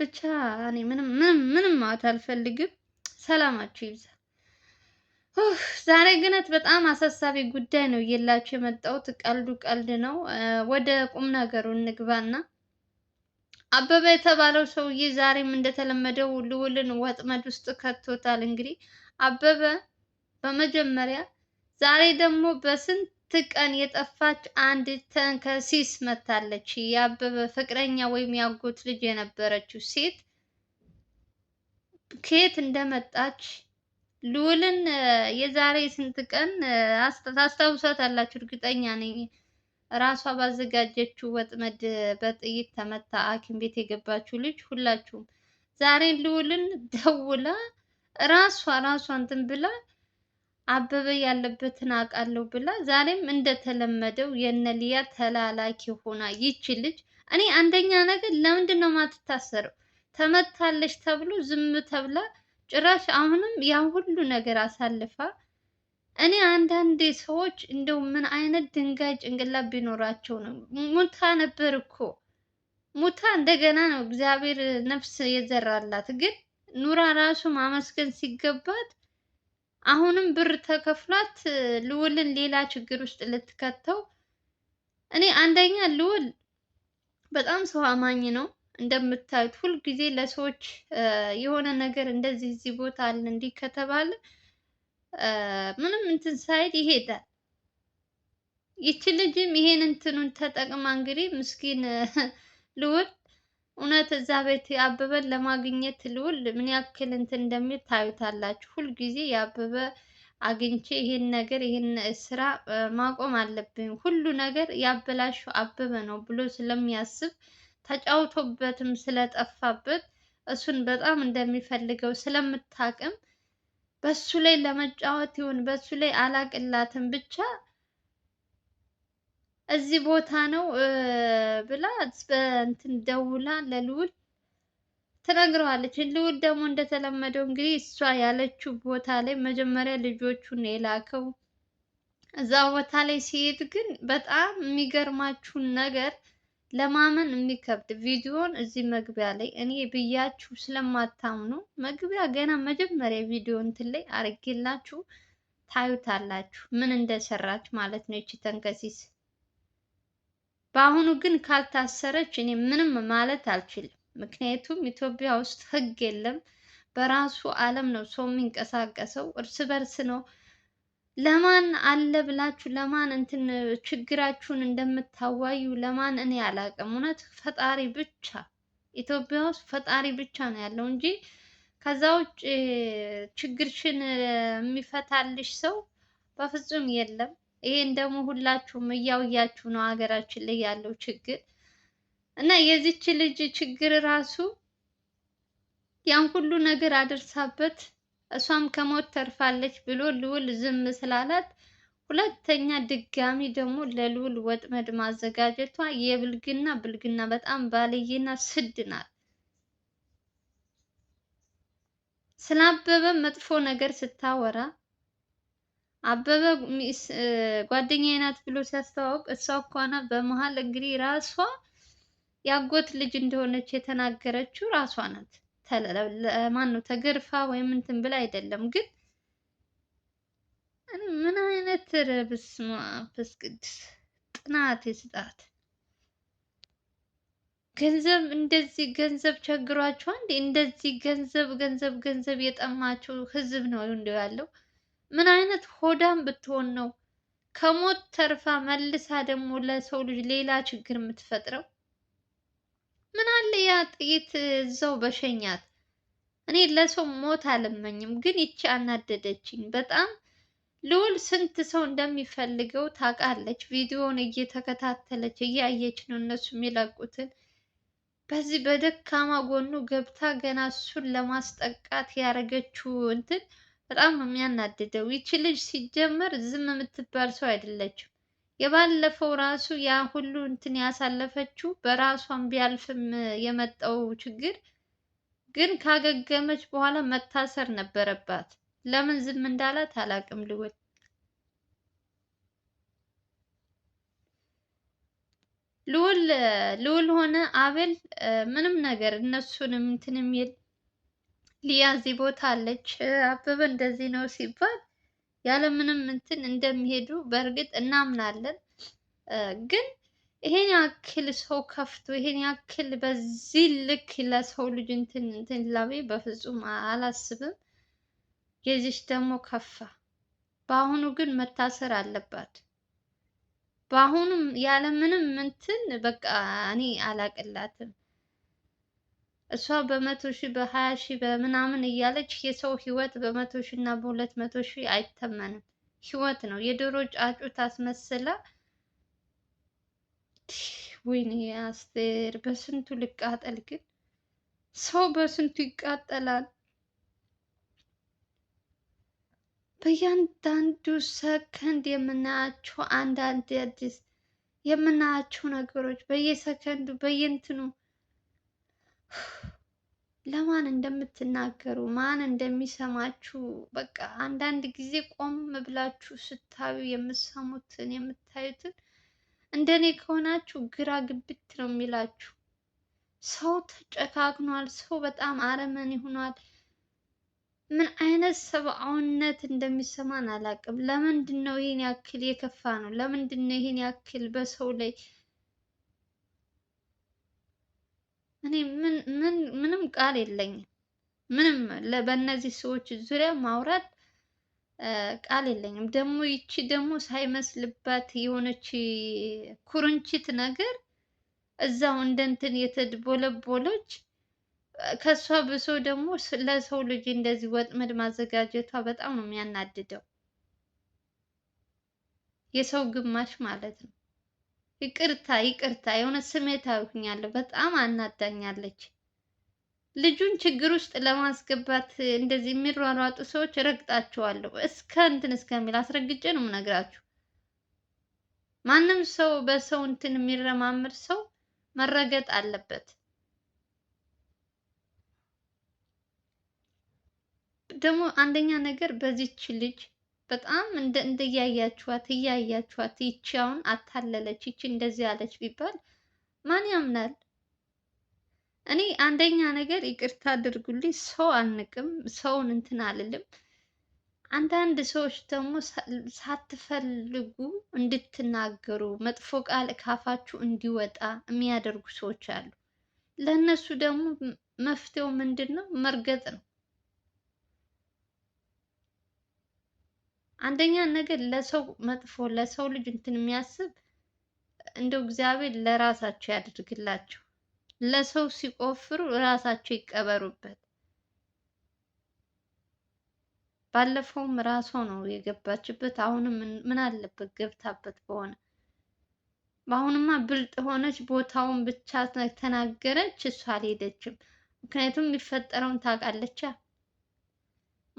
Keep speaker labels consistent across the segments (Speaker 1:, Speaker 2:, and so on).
Speaker 1: ብቻ እኔ ምንም ምንም ምንም ማለት አልፈልግም። ሰላማችሁ ይብዛ። ዛሬ ግነት በጣም አሳሳቢ ጉዳይ ነው እየላችሁ የመጣሁት። ቀልዱ ቀልድ ነው። ወደ ቁም ነገሩ እንግባና አበበ የተባለው ሰውዬ ዛሬም እንደተለመደው ልዑልን ወጥመድ ውስጥ ከቶታል። እንግዲህ አበበ በመጀመሪያ ዛሬ ደግሞ በስንት ቀን የጠፋች አንድ ተንከሲስ መታለች። የአበበ ፍቅረኛ ወይም ያጎት ልጅ የነበረችው ሴት ከየት እንደመጣች ልውልን የዛሬ ስንት ቀን ታስታውሳታላችሁ? እርግጠኛ ነኝ። ራሷ ባዘጋጀችው ወጥመድ በጥይት ተመታ ሐኪም ቤት የገባችው ልጅ ሁላችሁም ዛሬ ልውልን ደውላ ራሷ ራሷ እንትን ብላ አበበ ያለበትን አውቃለሁ ብላ ዛሬም እንደተለመደው የነሊያ ተላላኪ ሆና ይቺ ልጅ እኔ አንደኛ ነገር ለምንድን ነው ማትታሰረው? ተመታለች ተብሎ ዝም ተብላ ጭራሽ አሁንም ያ ሁሉ ነገር አሳልፋ እኔ አንዳንዴ ሰዎች እንደው ምን አይነት ድንጋይ ጭንቅላት ቢኖራቸው ነው? ሙታ ነበር እኮ ሙታ እንደገና ነው እግዚአብሔር ነፍስ የዘራላት። ግን ኑራ ራሱ ማመስገን ሲገባት አሁንም ብር ተከፍሏት ልዑልን ሌላ ችግር ውስጥ ልትከተው። እኔ አንደኛ ልዑል በጣም ሰው አማኝ ነው እንደምታዩት፣ ሁልጊዜ ለሰዎች የሆነ ነገር እንደዚህ እዚህ ቦታ አለ እንዲህ ከተባለ ምንም እንትን ሳይል ይሄዳል። ይቺ ልጅም ይሄን እንትኑን ተጠቅማ እንግዲህ ምስኪን ልዑል እውነት እዛ ቤት አበበን ለማግኘት ልዑል ምን ያክል እንትን እንደሚል ታዩታላችሁ። ሁልጊዜ የአበበ አግኝቼ ይሄን ነገር ይሄን ስራ ማቆም አለብኝ፣ ሁሉ ነገር ያበላሸው አበበ ነው ብሎ ስለሚያስብ ተጫውቶበትም ስለጠፋበት እሱን በጣም እንደሚፈልገው ስለምታቅም በሱ ላይ ለመጫወት ይሁን በሱ ላይ አላቅላትም ብቻ እዚህ ቦታ ነው ብላ በእንትን ደውላ ለልዑል ትነግረዋለች። ልዑል ደግሞ እንደተለመደው እንግዲህ እሷ ያለችው ቦታ ላይ መጀመሪያ ልጆቹን የላከው እዛ ቦታ ላይ ሲሄድ ግን በጣም የሚገርማችሁን ነገር ለማመን የሚከብድ ቪዲዮን እዚህ መግቢያ ላይ እኔ ብያችሁ ስለማታምኑ መግቢያ ገና መጀመሪያ ቪዲዮ እንትን ላይ አርጌላችሁ ታዩታላችሁ ምን እንደሰራች ማለት ነው ይቺ ተንከሲስ በአሁኑ ግን ካልታሰረች እኔ ምንም ማለት አልችልም። ምክንያቱም ኢትዮጵያ ውስጥ ህግ የለም። በራሱ ዓለም ነው ሰው የሚንቀሳቀሰው፣ እርስ በርስ ነው። ለማን አለ ብላችሁ ለማን እንትን ችግራችሁን እንደምታዋዩ ለማን እኔ አላውቅም። እውነት ፈጣሪ ብቻ ኢትዮጵያ ውስጥ ፈጣሪ ብቻ ነው ያለው እንጂ ከዛ ውጭ ችግርሽን የሚፈታልሽ ሰው በፍጹም የለም። ይሄን ደግሞ ሁላችሁም እያውያችሁ ነው ሀገራችን ላይ ያለው ችግር እና የዚች ልጅ ችግር ራሱ ያን ሁሉ ነገር አደርሳበት እሷም ከሞት ተርፋለች ብሎ ልዑል ዝም ስላላት ሁለተኛ ድጋሚ ደግሞ ለልዑል ወጥመድ ማዘጋጀቷ የብልግና ብልግና በጣም ባለየና ስድ ናት። ስላበበ መጥፎ ነገር ስታወራ አበበ ጓደኛዬ ናት ብሎ ሲያስተዋውቅ እሷ እኮ ናት በመሀል እንግዲህ ራሷ ያጎት ልጅ እንደሆነች የተናገረችው ራሷ ናት። ለማን ነው ተገርፋ ወይም እንትን ብላ አይደለም። ግን ምን አይነት ረብስ ማፈስ ቅዱስ ጥናት ይስጣት። ገንዘብ እንደዚህ ገንዘብ ቸግሯቸው እንዴ? እንደዚህ ገንዘብ ገንዘብ ገንዘብ የጠማቸው ህዝብ ነው እንደው ያለው ምን አይነት ሆዳም ብትሆን ነው ከሞት ተርፋ መልሳ ደግሞ ለሰው ልጅ ሌላ ችግር የምትፈጥረው? ምን አለ ያ ጥይት እዛው በሸኛት። እኔ ለሰው ሞት አልመኝም፣ ግን ይቺ አናደደችኝ በጣም። ልዑል ስንት ሰው እንደሚፈልገው ታውቃለች። ቪዲዮውን እየተከታተለች እያየች ነው እነሱ የሚለቁትን። በዚህ በደካማ ጎኑ ገብታ ገና እሱን ለማስጠቃት ያደረገችው እንትን በጣም የሚያናድደው ይቺ ልጅ ሲጀመር ዝም የምትባል ሰው አይደለችም። የባለፈው ራሱ ያ ሁሉ እንትን ያሳለፈችው በራሷም ቢያልፍም የመጣው ችግር ግን ካገገመች በኋላ መታሰር ነበረባት። ለምን ዝም እንዳላት አላቅም ልውል ልውል ልውል ሆነ አቤል ምንም ነገር እነሱንም እንትንም የለ ሊያ እዚህ ቦታ አለች፣ አበበ እንደዚህ ነው ሲባል ያለምንም እንትን እንደሚሄዱ በእርግጥ እናምናለን። ግን ይሄን ያክል ሰው ከፍቶ ይሄን ያክል በዚህ ልክ ለሰው ልጅ እንትን እንትን ላቤ በፍጹም አላስብም። የዚች ደግሞ ከፋ። በአሁኑ ግን መታሰር አለባት። በአሁኑም ያለምንም እንትን በቃ እኔ አላቅላትም። እሷ በመቶ ሺህ በሀያ ሺህ በምናምን እያለች የሰው ህይወት በመቶ ሺህ እና በሁለት መቶ ሺህ አይተመንም። ህይወት ነው። የዶሮ ጫጩት አስመስላ ወይኔ አስቴር በስንቱ ልቃጠል ግን ሰው በስንቱ ይቃጠላል። በእያንዳንዱ ሰከንድ የምናያቸው አንዳንድ አዲስ የምናያቸው ነገሮች በየሰከንዱ በየእንትኑ ለማን እንደምትናገሩ ማን እንደሚሰማችሁ በቃ አንዳንድ ጊዜ ቆም ብላችሁ ስታዩ የምትሰሙትን የምታዩትን እንደኔ ከሆናችሁ ግራ ግብት ነው የሚላችሁ። ሰው ተጨካክኗል። ሰው በጣም አረመኔ ሆኗል። ምን አይነት ሰብአዊነት እንደሚሰማን አላውቅም። ለምንድን ነው ይህን ያክል የከፋ ነው? ለምንድን ነው ይህን ያክል በሰው ላይ እኔ ምንም ቃል የለኝም። ምንም በእነዚህ ሰዎች ዙሪያ ማውራት ቃል የለኝም። ደግሞ ይቺ ደግሞ ሳይመስልባት የሆነች ኩርንችት ነገር እዛው እንደንትን የተድቦለቦለች ከእሷ ብሶ ደግሞ ለሰው ልጅ እንደዚህ ወጥመድ ማዘጋጀቷ በጣም ነው የሚያናድደው። የሰው ግማሽ ማለት ነው። ይቅርታ ይቅርታ፣ የሆነ ስሜታዊ ሆኛለሁ። በጣም አናዳኛለች። ልጁን ችግር ውስጥ ለማስገባት እንደዚህ የሚሯሯጡ ሰዎች ረግጣቸዋለሁ። እስከ እንትን እስከሚል አስረግጬ ነው የምነግራችሁ። ማንም ሰው በሰው እንትን የሚረማምር ሰው መረገጥ አለበት። ደግሞ አንደኛ ነገር በዚች ልጅ በጣም እንደ እያያችኋት እያያችኋት ይቺ አሁን አታለለች ይቺ እንደዚህ ያለች ቢባል ማን ያምናል? እኔ አንደኛ ነገር ይቅርታ አድርጉልኝ፣ ሰው አንቅም፣ ሰውን እንትን አልልም። አንዳንድ ሰዎች ደግሞ ሳትፈልጉ እንድትናገሩ መጥፎ ቃል ካፋችሁ እንዲወጣ የሚያደርጉ ሰዎች አሉ። ለእነሱ ደግሞ መፍትሄው ምንድን ነው? መርገጥ ነው። አንደኛ ነገር ለሰው መጥፎ ለሰው ልጅ እንትን የሚያስብ እንደው እግዚአብሔር ለራሳቸው ያድርግላቸው። ለሰው ሲቆፍሩ ራሳቸው ይቀበሩበት። ባለፈውም ራሷ ነው የገባችበት። አሁንም ምን አለበት ገብታበት በሆነ በአሁንማ ብልጥ ሆነች። ቦታውን ብቻ ተናገረች፣ እሷ አልሄደችም። ምክንያቱም የሚፈጠረውን ታውቃለች።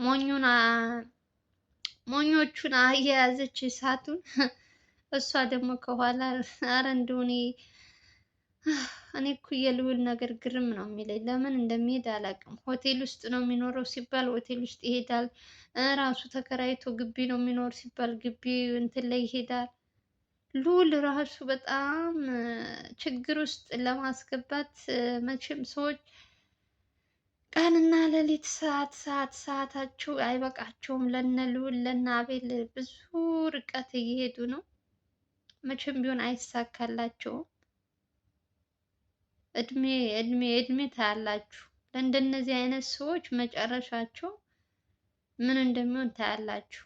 Speaker 1: ሞኙን ሞኞቹን አያያዘች እሳቱን። እሷ ደግሞ ከኋላ አረ እንደው እኔ እኔ እኮ የልውል ነገር ግርም ነው የሚለኝ። ለምን እንደሚሄድ አላውቅም። ሆቴል ውስጥ ነው የሚኖረው ሲባል ሆቴል ውስጥ ይሄዳል። ራሱ ተከራይቶ ግቢ ነው የሚኖር ሲባል ግቢ እንትን ላይ ይሄዳል። ሉል ራሱ በጣም ችግር ውስጥ ለማስገባት መቼም ሰዎች ቀንና ሌሊት ሰዓት ሰዓት ሰዓታቸው አይበቃቸውም ለነ ልዑል ለነ አቤል ብዙ ርቀት እየሄዱ ነው። መቼም ቢሆን አይሳካላቸውም። እድሜ እድሜ እድሜ ታያላችሁ። ለእንደነዚህ አይነት ሰዎች መጨረሻቸው ምን እንደሚሆን ታያላችሁ።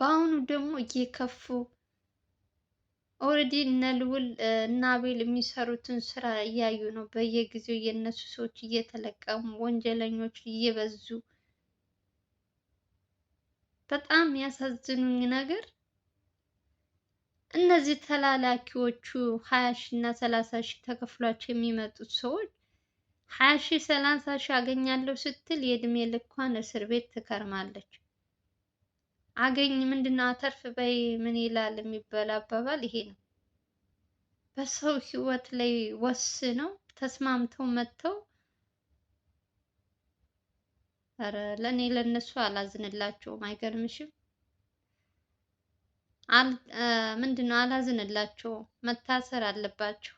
Speaker 1: በአሁኑ ደግሞ እየከፉ ኦልሬዲ እነ ልዑል እና አቤል የሚሰሩትን ስራ እያዩ ነው። በየጊዜው የእነሱ ሰዎች እየተለቀሙ ወንጀለኞች እየበዙ በጣም ያሳዝኑኝ ነገር እነዚህ ተላላኪዎቹ ሀያ ሺ እና ሰላሳ ሺ ተከፍሏቸው የሚመጡት ሰዎች ሀያ ሺ ሰላሳ ሺ አገኛለሁ ስትል የእድሜ ልኳን እስር ቤት ትከርማለች። አገኝ ምንድን አተርፍ በይ ምን ይላል የሚባል አባባል ይሄ ነው። በሰው ህይወት ላይ ወስነው ተስማምተው መጥተው ኧረ ለእኔ ለእነሱ አላዝንላቸውም። አይገርምሽም? ምንድን ነው አላዝንላቸውም። መታሰር አለባቸው።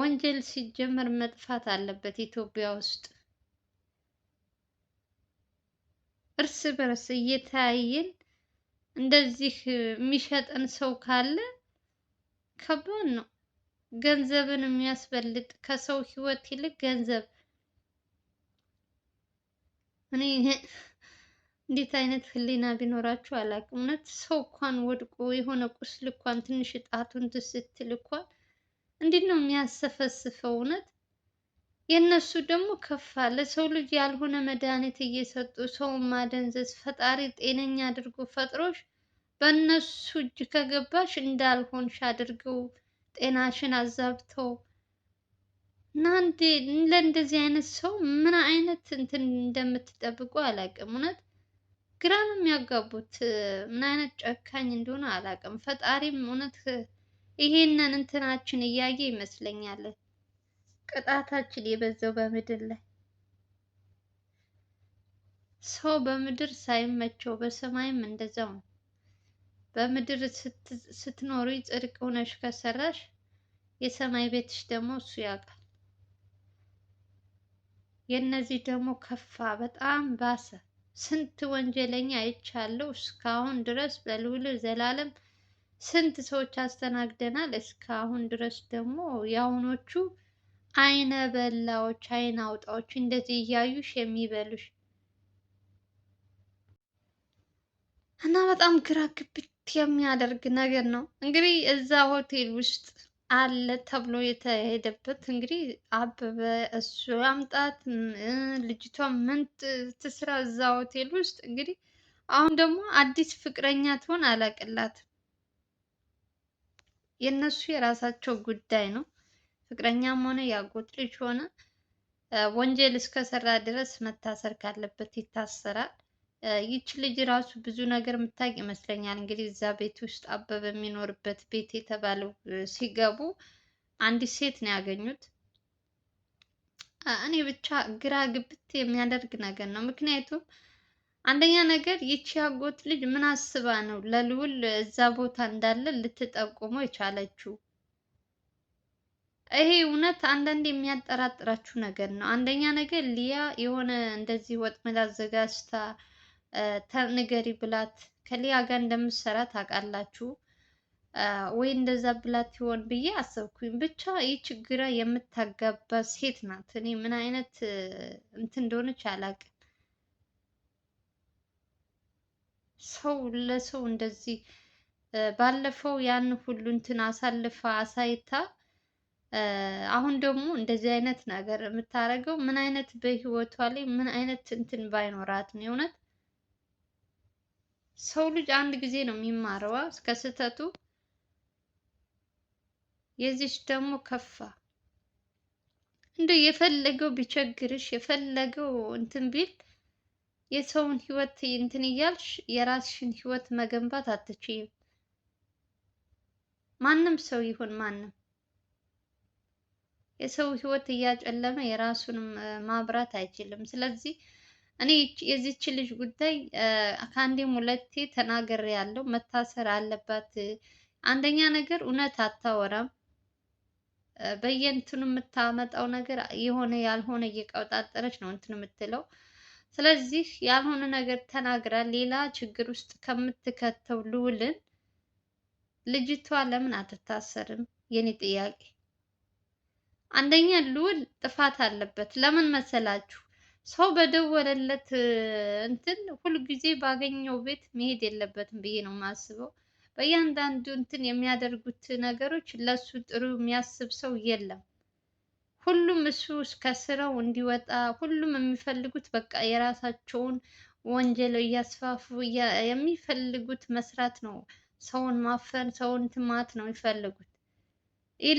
Speaker 1: ወንጀል ሲጀመር መጥፋት አለበት ኢትዮጵያ ውስጥ። እርስ በርስ እየተያየን እንደዚህ የሚሸጠን ሰው ካለ ከባድ ነው። ገንዘብን የሚያስበልጥ ከሰው ህይወት ይልቅ ገንዘብ። እኔ እንዴት አይነት ህሊና ቢኖራችሁ አላውቅም። እውነት ሰው እንኳን ወድቆ የሆነ ቁስል እንኳን ትንሽ ጣቱን ትስትል እንኳን እንዴት ነው የሚያሰፈስፈው? እውነት የእነሱ ደግሞ ከፋ። ለሰው ልጅ ያልሆነ መድኃኒት እየሰጡ ሰውን ማደንዘዝ። ፈጣሪ ጤነኛ አድርጎ ፈጥሮሽ በእነሱ እጅ ከገባሽ እንዳልሆንሽ አድርገው ጤናሽን አዛብተው እና ለእንደዚህ አይነት ሰው ምን አይነት እንትን እንደምትጠብቁ አላውቅም። እውነት ግራ ነው የሚያጋቡት። ምን አይነት ጨካኝ እንደሆነ አላውቅም። ፈጣሪም እውነት ይሄንን እንትናችን እያየ ይመስለኛል ቅጣታችን የበዛው በምድር ላይ ሰው በምድር ሳይመቸው በሰማይም እንደዛው ነው። በምድር ስትኖሪ ጽድቅ ሆነሽ ከሰራሽ የሰማይ ቤትሽ ደግሞ እሱ ያውቃል። የእነዚህ ደግሞ ከፋ፣ በጣም ባሰ። ስንት ወንጀለኛ አይቻለሁ እስካሁን ድረስ በልውል ዘላለም ስንት ሰዎች አስተናግደናል። እስካሁን ድረስ ደግሞ የአሁኖቹ አይነ በላዎች አይነ አውጣዎች እንደዚህ እያዩሽ የሚበሉሽ እና በጣም ግራ ግብት የሚያደርግ ነገር ነው። እንግዲህ እዛ ሆቴል ውስጥ አለ ተብሎ የተሄደበት እንግዲህ አበበ እሱ አምጣት ልጅቷ ምን ትስራ እዛ ሆቴል ውስጥ እንግዲህ አሁን ደግሞ አዲስ ፍቅረኛ ትሆን አላቅላት የእነሱ የራሳቸው ጉዳይ ነው። ፍቅረኛም ሆነ ያጎት ልጅ ሆነ ወንጀል እስከሰራ ድረስ መታሰር ካለበት ይታሰራል። ይች ልጅ ራሱ ብዙ ነገር የምታውቅ ይመስለኛል። እንግዲህ እዛ ቤት ውስጥ አበበ የሚኖርበት ቤት የተባለው ሲገቡ አንዲት ሴት ነው ያገኙት። እኔ ብቻ ግራ ግብት የሚያደርግ ነገር ነው። ምክንያቱም አንደኛ ነገር ይቺ ያጎት ልጅ ምን አስባ ነው ለልዑል እዛ ቦታ እንዳለ ልትጠቁመው የቻለችው? ይሄ እውነት አንዳንድ የሚያጠራጥራችሁ ነገር ነው። አንደኛ ነገር ሊያ የሆነ እንደዚህ ወጥመድ አዘጋጅታ ተንገሪ ብላት ከሊያ ጋር እንደምትሰራ ታውቃላችሁ ወይ እንደዛ ብላት ይሆን ብዬ አሰብኩኝ። ብቻ ይህ ችግራ የምታጋባ ሴት ናት። እኔ ምን አይነት እንትን እንደሆነች አላውቅም። ሰው ለሰው እንደዚህ ባለፈው ያን ሁሉ እንትን አሳልፋ አሳይታ አሁን ደግሞ እንደዚህ አይነት ነገር የምታደርገው ምን አይነት በህይወቷ ላይ ምን አይነት እንትን ባይኖራት ነው? የእውነት ሰው ልጅ አንድ ጊዜ ነው የሚማረዋ እስከ ስህተቱ። የዚች ደግሞ ከፋ። እንደ የፈለገው ቢቸግርሽ የፈለገው እንትን ቢል የሰውን ህይወት እንትን እያልሽ የራስሽን ህይወት መገንባት አትችይም። ማንም ሰው ይሁን ማንም የሰው ህይወት እያጨለመ የራሱን ማብራት አይችልም። ስለዚህ እኔ የዚች ልጅ ጉዳይ ከአንዴም ሁለቴ ተናገር ያለው መታሰር አለባት። አንደኛ ነገር እውነት አታወራም። በየእንትኑ የምታመጣው ነገር የሆነ ያልሆነ እየቀውጣጠረች ነው እንትን የምትለው። ስለዚህ ያልሆነ ነገር ተናግራ ሌላ ችግር ውስጥ ከምትከተው ልውልን ልጅቷ ለምን አትታሰርም? የኔ ጥያቄ አንደኛ ልዑል ጥፋት አለበት። ለምን መሰላችሁ? ሰው በደወለለት እንትን ሁልጊዜ ባገኘው ቤት መሄድ የለበትም ብዬ ነው የማስበው። በእያንዳንዱ እንትን የሚያደርጉት ነገሮች ለሱ ጥሩ የሚያስብ ሰው የለም። ሁሉም እሱ እስከ ስራው እንዲወጣ ሁሉም የሚፈልጉት በቃ የራሳቸውን ወንጀል እያስፋፉ የሚፈልጉት መስራት ነው። ሰውን ማፈን፣ ሰውን ትማት ነው የሚፈልጉት።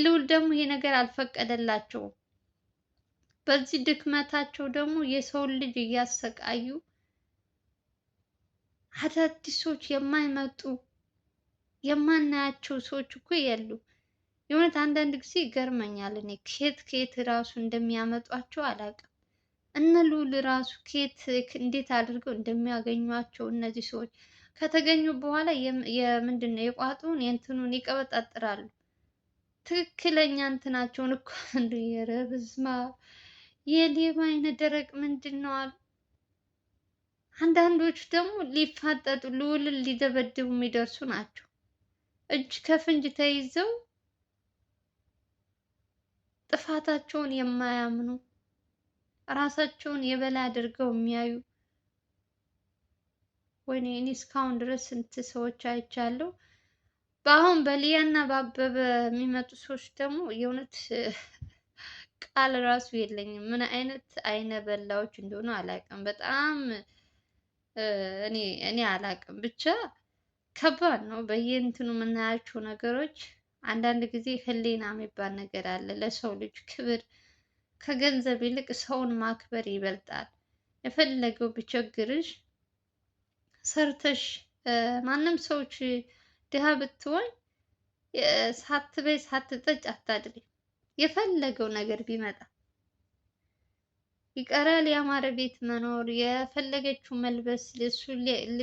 Speaker 1: ልዑል ደግሞ ይሄ ነገር አልፈቀደላቸውም። በዚህ ድክመታቸው ደግሞ የሰውን ልጅ እያሰቃዩ አዳዲሶች የማይመጡ የማናያቸው ሰዎች እኮ የሉ። የእውነት አንዳንድ ጊዜ ይገርመኛል። እኔ ከየት ከየት ራሱ እንደሚያመጧቸው አላውቅም። እነ ልዑል ራሱ ከየት እንዴት አድርገው እንደሚያገኟቸው እነዚህ ሰዎች ከተገኙ በኋላ የምንድን ነው የቋጡን የእንትኑን ይቀበጣጥራሉ። ትክክለኛ እንትናቸውን እኮ እንዱ የረብዝማ የሌባ አይነ ደረቅ ምንድን ነው አሉ። አንዳንዶቹ ደግሞ ሊፋጠጡ ልውልን ሊደበድቡ የሚደርሱ ናቸው። እጅ ከፍንጅ ተይዘው ጥፋታቸውን የማያምኑ ራሳቸውን የበላይ አድርገው የሚያዩ ወይኔ እኔ እስካሁን ድረስ ስንት ሰዎች አይቻለሁ። በአሁን በሊያና በአበበ የሚመጡ ሰዎች ደግሞ የእውነት ቃል ራሱ የለኝም። ምን አይነት አይነ በላዎች እንደሆኑ አላውቅም። በጣም እኔ እኔ አላውቅም ብቻ ከባድ ነው። በየእንትኑ የምናያቸው ነገሮች አንዳንድ ጊዜ ሕሊና የሚባል ነገር አለ። ለሰው ልጅ ክብር ከገንዘብ ይልቅ ሰውን ማክበር ይበልጣል። የፈለገው ቢቸግርሽ ሰርተሽ ማንም ሰዎች ድሃ ብትሆን ሳትበይ ሳትጠጭ አታድሪ። የፈለገው ነገር ቢመጣ ይቀራል። ያማረ ቤት መኖር የፈለገችው መልበስ እሱ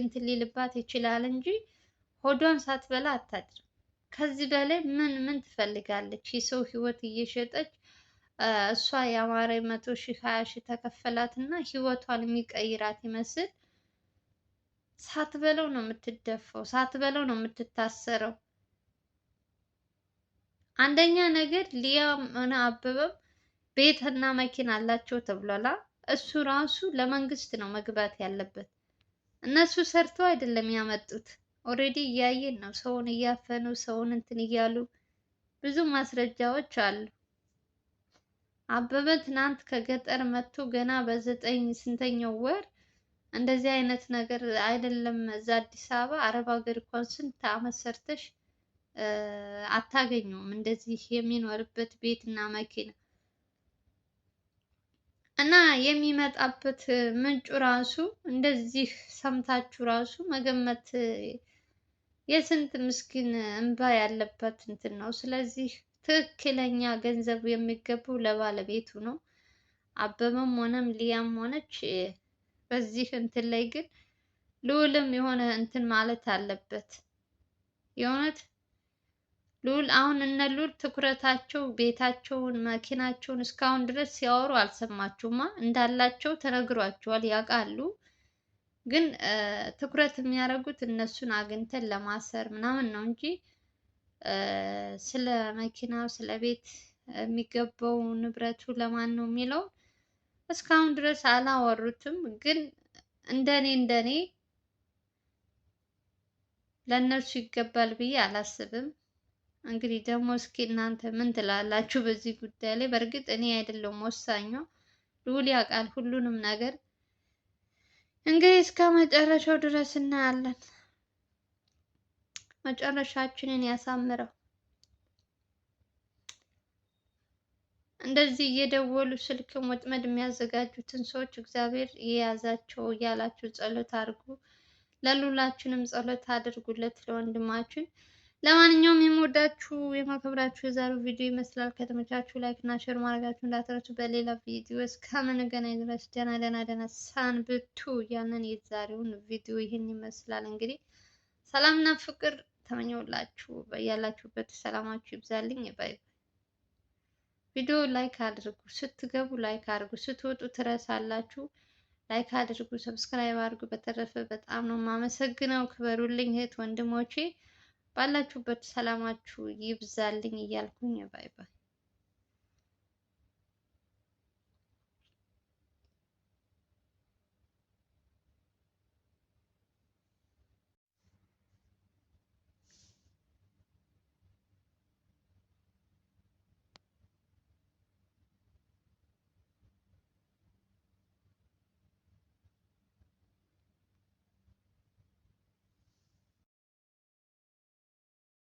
Speaker 1: እንትን ሊልባት ይችላል እንጂ ሆዷን ሳትበላ አታድርም። ከዚህ በላይ ምን ምን ትፈልጋለች? የሰው ህይወት እየሸጠች እሷ ያማረ መቶ ሺህ ሀያ ሺህ ተከፈላት እና ህይወቷን የሚቀይራት ይመስል ሳትበለው ነው የምትደፋው፣ ሳትበለው ነው የምትታሰረው። አንደኛ ነገር ሊያም ሆነ አበበም ቤትና መኪና አላቸው ተብሏላ። እሱ ራሱ ለመንግስት ነው መግባት ያለበት። እነሱ ሰርተው አይደለም ያመጡት። ኦሬዲ እያየን ነው። ሰውን እያፈኑ ሰውን እንትን እያሉ ብዙ ማስረጃዎች አሉ። አበበ ትናንት ከገጠር መጥቶ ገና በዘጠኝ ስንተኛው ወር እንደዚህ አይነት ነገር አይደለም። እዛ አዲስ አበባ አረብ ሀገር እንኳን ስንት አመት ሰርተሽ አታገኘውም እንደዚህ የሚኖርበት ቤት እና መኪና እና የሚመጣበት ምንጩ ራሱ እንደዚህ ሰምታችሁ ራሱ መገመት የስንት ምስኪን እንባ ያለበት እንትን ነው። ስለዚህ ትክክለኛ ገንዘብ የሚገቡ ለባለቤቱ ነው። አበበም ሆነም ሊያም ሆነች በዚህ እንትን ላይ ግን ልዑልም የሆነ እንትን ማለት አለበት። የእውነት ልዑል አሁን እነ ልዑል ትኩረታቸው ቤታቸውን፣ መኪናቸውን እስካሁን ድረስ ሲያወሩ አልሰማችሁማ። እንዳላቸው ተነግሯቸዋል፣ ያውቃሉ። ግን ትኩረት የሚያደርጉት እነሱን አግኝተን ለማሰር ምናምን ነው እንጂ ስለ መኪናው ስለ ቤት የሚገባው ንብረቱ ለማን ነው የሚለውን እስካሁን ድረስ አላወሩትም። ግን እንደኔ እንደኔ ለነሱ ይገባል ብዬ አላስብም። እንግዲህ ደግሞ እስኪ እናንተ ምን ትላላችሁ በዚህ ጉዳይ ላይ? በእርግጥ እኔ አይደለሁም ወሳኟ፣ ልዑል ያውቃል ሁሉንም ነገር። እንግዲህ እስከ መጨረሻው ድረስ እናያለን። መጨረሻችንን ያሳምረው። እንደዚህ እየደወሉ ስልክን ወጥመድ የሚያዘጋጁትን ሰዎች እግዚአብሔር የያዛቸው እያላችሁ ጸሎት አድርጉ። ለሉላችንም ጸሎት አድርጉለት ለወንድማችን። ለማንኛውም የምወዳችሁ የማከብራችሁ የዛሬው ቪዲዮ ይመስላል። ከተመቻችሁ ላይክ እና ሼር ማድረጋችሁ እንዳትረሱ። በሌላ ቪዲዮ እስከምንገናኝ ድረስ ደህና ደህና ደህና ሰንብቱ እያልን የዛሬውን ቪዲዮ ይህን ይመስላል። እንግዲህ ሰላምና ፍቅር ተመኘውላችሁ። ያላችሁበት ሰላማችሁ ይብዛልኝ ባይ ቪዲዮ ላይክ አድርጉ። ስትገቡ ላይክ አድርጉ። ስትወጡ ትረሳላችሁ። ላይክ አድርጉ፣ ሰብስክራይብ አድርጉ። በተረፈ በጣም ነው የማመሰግነው። ክበሩልኝ እህት ወንድሞቼ፣ ባላችሁበት ሰላማችሁ ይብዛልኝ እያልኩኝ ባይ ባይ።